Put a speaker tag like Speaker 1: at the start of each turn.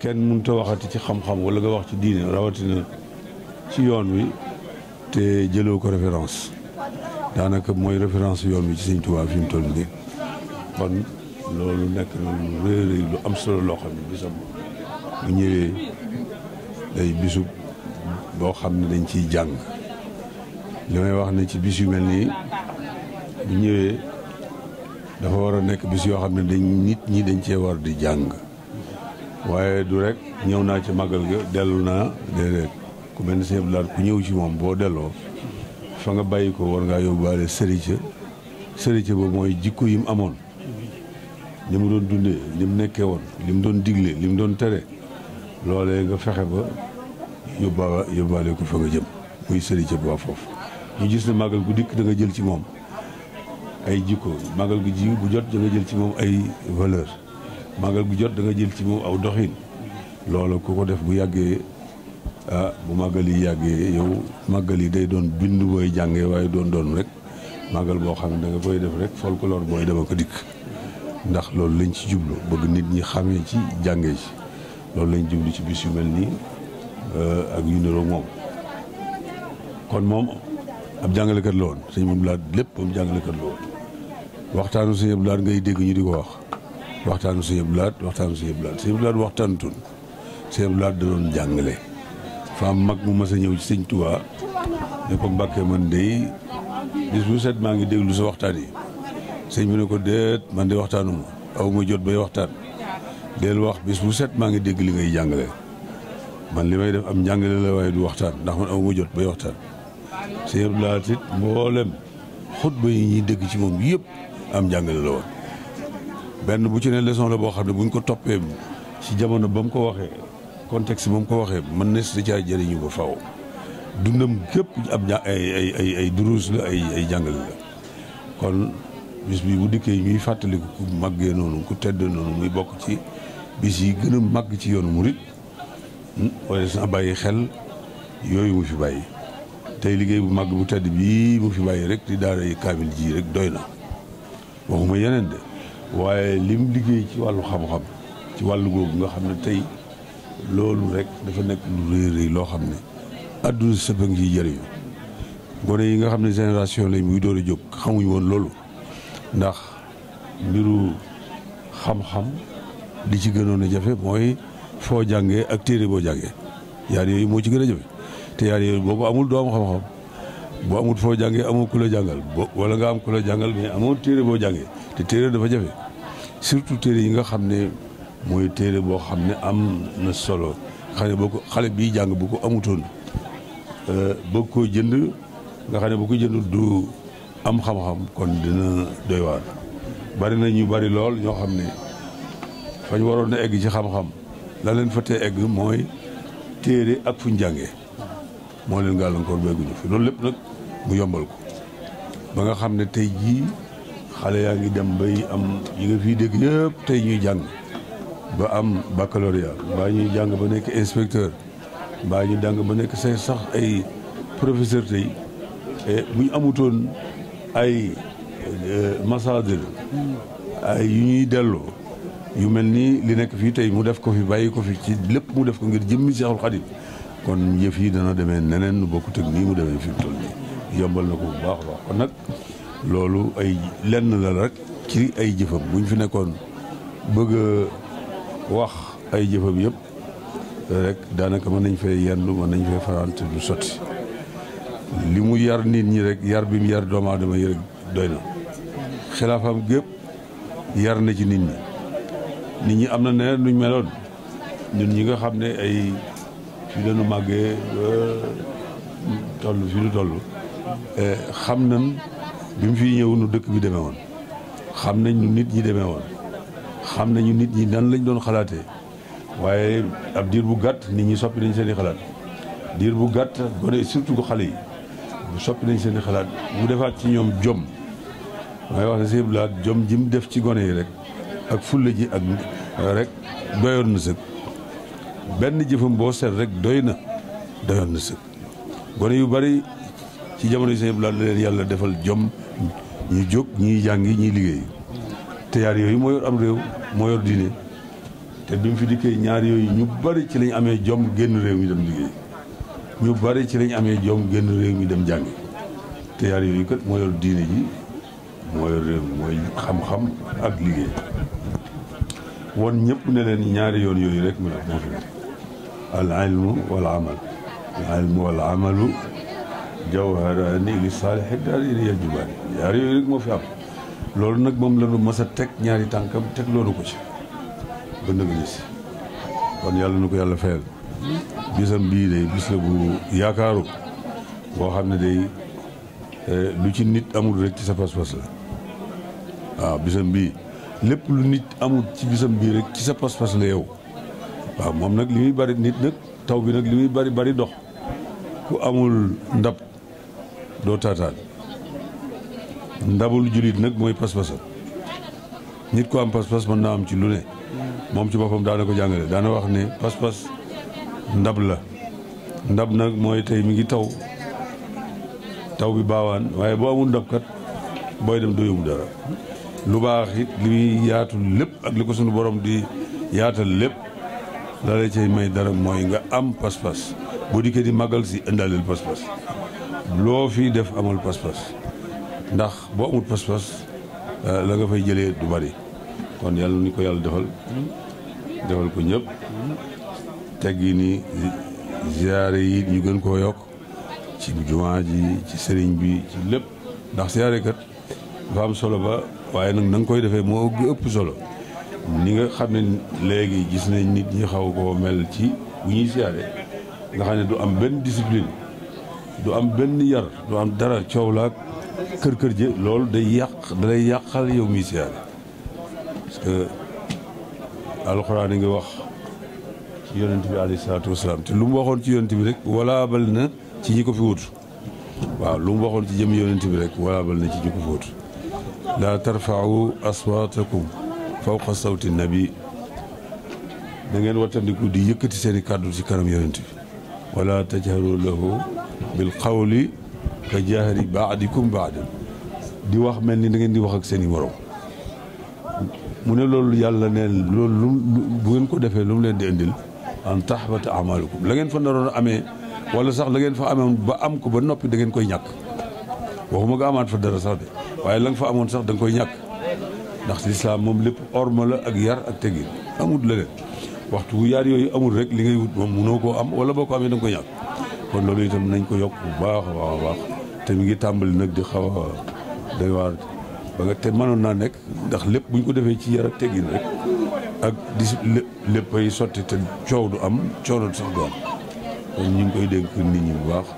Speaker 1: kenn mënut a waxat ci xam-xam wala nga wax ci diine rawatina ci yoon wi te jëloo ko référence daanaka mooy référence yoon wi ci Sëñ Tuubaa fi mu toll nii kon loolu nekk na lu rëy rëy lu am solo loo xam ne bisam bu ñëwee day bisu boo xam ne dañ ciy jàng li wax ne ci bis yu mel nii bu ñëwee dafa war a nekk bis yoo xam ne dañ nit ñi dañ cee war di jàng waaye du rekk ñëw naa ci màggal ga dellu naa déedéet ku mel ni sëñ Abdou ku ñëw ci moom boo delloo fa nga bàyyi ko war ngaa yóbbaale sëriñ sëriñ ba mooy jikko yi mu amoon ni mu doon dunde li mu nekkee woon li mu doon digle li mu doon tere loole nga fexe ba yóbbaale ko fa nga jëm muy sëriñ ba foofu ñu gis ne màggal gu dikk danga jël ci moom ay jikko màggal gu ji bu jot da jël ci moom ay valeur màggal bu jot da jël ci moom aw doxin loolu ku ko def bu yàggee ah, bu màggal yi yàggee yow màggal yi day doon bind booy jàngee waaye doon doon rek màggal boo xam ne danga nga koy def rek folklore mooy dama ko dikk ndax loolu lañ ci jublu bëgg nit ñi xamee ci jàngee ci loolu lañ jublu ci bis yu mel nii ah, ak yu niroog moom kon moom ab jàngalekat lool woon sëñ Abdou Lahad lépp moom jàngalekat la woon waxtaanu sëñ Abdou ngay dégg ñu di ko wax waxtaanu Sëñ Abdou laat waxtaanu Sëñ Abdou Lahad Sëñ Abdou Lahad waxtaanutun Sëñ Abdou Lahad da doon jàngale fa mag mu mas a ñëw ci Sëñ Tuubaa ne ko Mbàkke man dey bis bu set maa ngi déglu sa waxtaan yi sëñ bi ne ko déet man de waxtaanu ma aw mu jot bay waxtaan del wax bis bu set maa ngi dégg li ngay jàngale man li may def am njàngale la waaye du waxtaan ndax man aw ma jot bay waxtaan sëñ Abdou Lahad it mboolem xutba yi ñuy dégg ci moom yëpp am njàngale la benn bu ci ne leçon la boo xam ne buñ ko toppee ci jamono ba mu ko waxee contexte ba mu ko waxee mën na si caa jëriñu ba faw dundam képp ab ay ay ay ay duruus la ay ay jàngal la kon bis bi bu dikkee ñuy fàttaliku ku màggee noonu ku tedd noonu muy bokk ci bis yi gën a màgg ci yoonu murit hmm, waaye des na bàyyi xel yooyu mu fi bàyyi tey liggéey bu màgg bu tedd bii mu fi bàyyi rek di daara yi kaamil ji rek doy na waxuma yeneen de waaye lim liggéey ci wàllu xam-xam ci wàllu googu nga xam ne tey loolu rek dafa nekk lu rëy rëy loo xam ne adduna sëpp a ngi jëriñu gone yi nga xam ne génération lañ muy door jóg xamuñu woon loolu ndax mbiru xam-xam di ci gënoon a jafe mooy foo jàngee ak téere boo jàngee yaar yooyu moo ci gën a jafe te yaar yooyu boobu amul doomu am xam-xam boo amul foo jàngee amoo ku la jàngal wala nga am ku la jàngal mais amoo téere boo jàngee te téere dafa jafe surtout téere yi nga xam ne mooy téere boo xam ne am na solo xam ne boo ko xale bii jàng bu ko amutoon euh, boo ko jënd nga xam ne boo ko jënd du am xam-xam kon dina doy waar. bari na ñu bari lool ñoo xam ne fañ waroon na egg ci xam-xam la fa tee egg mooy téere ak fuñ jàngee moo leen gàllankoor béyguñu fi loolu lépp nag mu yombal ko ba nga xam ne tey jii. xale yaa ngi dem bay am yi nga fii dégg yëpp tey ñuy jàng ba am baccalauréat mbaa ñuy jàng ba nekk inspecteur mbaa ñu jàng ba nekk say sax ay professeur tey e bu ñu amutoon ay euh, massager ay yu ñuy delloo yu mel nii li nekk fii tey mu def ko fi bàyyi ko fi ci lépp mu def ko ngir jëmmi Seexul Xadim kon yëf yi dana demee neneen nu bokkut ak nii mu demee fi mu toll yombal na ko bu baax a baax nag loolu ay lenn la rek ci ay jëfam buñ fi nekkoon bëgg wax ay jëfam yëpp rek daanaka mën nañ fay yendu mën nañ fay farante du sotti li mu yar nit ñi rek yar bi mu yar doomu aadama yi rek doy na xilaafam gépp yar na ci nit ñi nit ñi am na neneen nuñ meloon ñun ñi nga xam ne ay fi dañu màggee toll fi ñu toll eh, xam nañ bi mu fi ñëw nu dëkk bi demee woon xam nañ nit ñi demee woon xam nañu nit ñi nan lañ doon xalaatee waaye ab diir bu gàtt nit ñi soppi nañ seen xalaat diir bu gàtt gone surtout ko xale yi bu soppi nañ seen i xalaat mu defaat ci ñoom jom may wax ne sëñ laat jom ji def ci gone yi rek ak fulla ji ak rek doyoon na sëg benn jëfam boo seet rek doy na doyoon na sëg gone yu bari ci jamono yi sëñ la leen yàlla defal jom ñuy jóg ñuy jàngi ñuy liggéey te yaar yooyu moo yor am réew moo yor diine te bi mu fi dikkee ñaar yooyu ñu bari ci lañ amee jom génn réew mi dem liggéey ñu bari ci lañ amee jom génn réew ñu dem jàngi te yaar yooyu kat moo yor diine ji moo yor réew mi mooy xam-xam ak liggéey won ñëpp ne leen ñaari yoon yooyu rek mu def moo fi al ilmu wal amal al ilmu wal amalu jawharaani saalixi daarayni ya jubaani yaar yooyu rek moo fi am loolu nag moom la nu teg ñaari tànkam teg loolu ko ci ba nëgëni si kon yàlla na ko yàlla fayal bisam bii day bis la bu yaakaaru boo xam ne day eh, lu ci nit amul rek ci sa pas-pas la waaw bisam bii lépp lu nit amul ci bisam bii rek ci sa pas-pas la yow waaw moom nag li muy bari nit nag taw bi nag li muy bari bari dox ku amul ndab doo taataan ndabul jullit nag mooy pas-pasam nit ko am pas-pas mën naa am ci lu ne moom ci boppam daana ko jàngale daana wax ne pas-pas ndab la ndab nag mooy tey mi ngi taw taw bi baawaan waaye boo amul ndab kat booy dem doyum dara lu baax it li muy yaatu lépp ak li ko sunu borom di yaatal lépp la lay cay may dara mooy nga am pas-pas boo dikkee di màggal si indaaleel pas-pas loo fi def amul pas-pas ndax boo amul pas-pas euh, la nga fay jëlee du bari kon yàlla ni ko yàlla defal defal ko ñëpp teggi ni ziare yi ñu gën koo yokk ci jumaa ji ci sëriñ bi ci lépp ndax ziare kat dafa am solo ba waaye nag na koy defee moo ëpp solo ni nga xam ne léegi gis nañ nit ñi xaw koo mel ci bu ñuy ziare nga xam ne du am benn discipline du am benn yar du am dara coow laak kër kër ji loolu day yàq dalay yàqal yow mi siyaare parce que alxuraan yi wax ci yonent bi alayhi salaatu wasalaam te lu mu waxoon ci yonent bi rek walaabal na ci ñi ko fi lu waxoon ci jëm yonent bi rek walaabal na ci ñi ko fi wut laa tarfau aswaatakum fawqa sawti nabi da ngeen wattandiku di yëkkati seen i kàddu ci kanam yonent bi wala bil xawli ka jahri baadikum baadin di di wax mel ni da ngeen di wax ak seen i mu ne loolu yàlla neen loolu lu bu ngeen ko defee lu mu leen di indil an tahbata amalukum la ngeen fa naroon amee wala sax la ngeen fa amoon ba am ko ba noppi da ngeen koy ñàkk waxuma ko amaat fa dara sax de waaye la fa amoon sax danga koy ñàkk ndax si lislaam moom lépp orma la ak yar ak tegin amut la leen waxtu wu yaar yooyu amul rek li ngay wut moom mënoo koo am wala boo ko amee da nga koy kon loolu itam nañ ko yokk bu baax a baax a baax te mi ngi tàmbali nag di xaw a doy waar ba nga te mënoon naa nekk ndax lépp buñ ko defee ci yar ak teggin rek ak di léppay sotti te coow du am coono sax du kon ñu ngi koy dénk nit ñi bu baax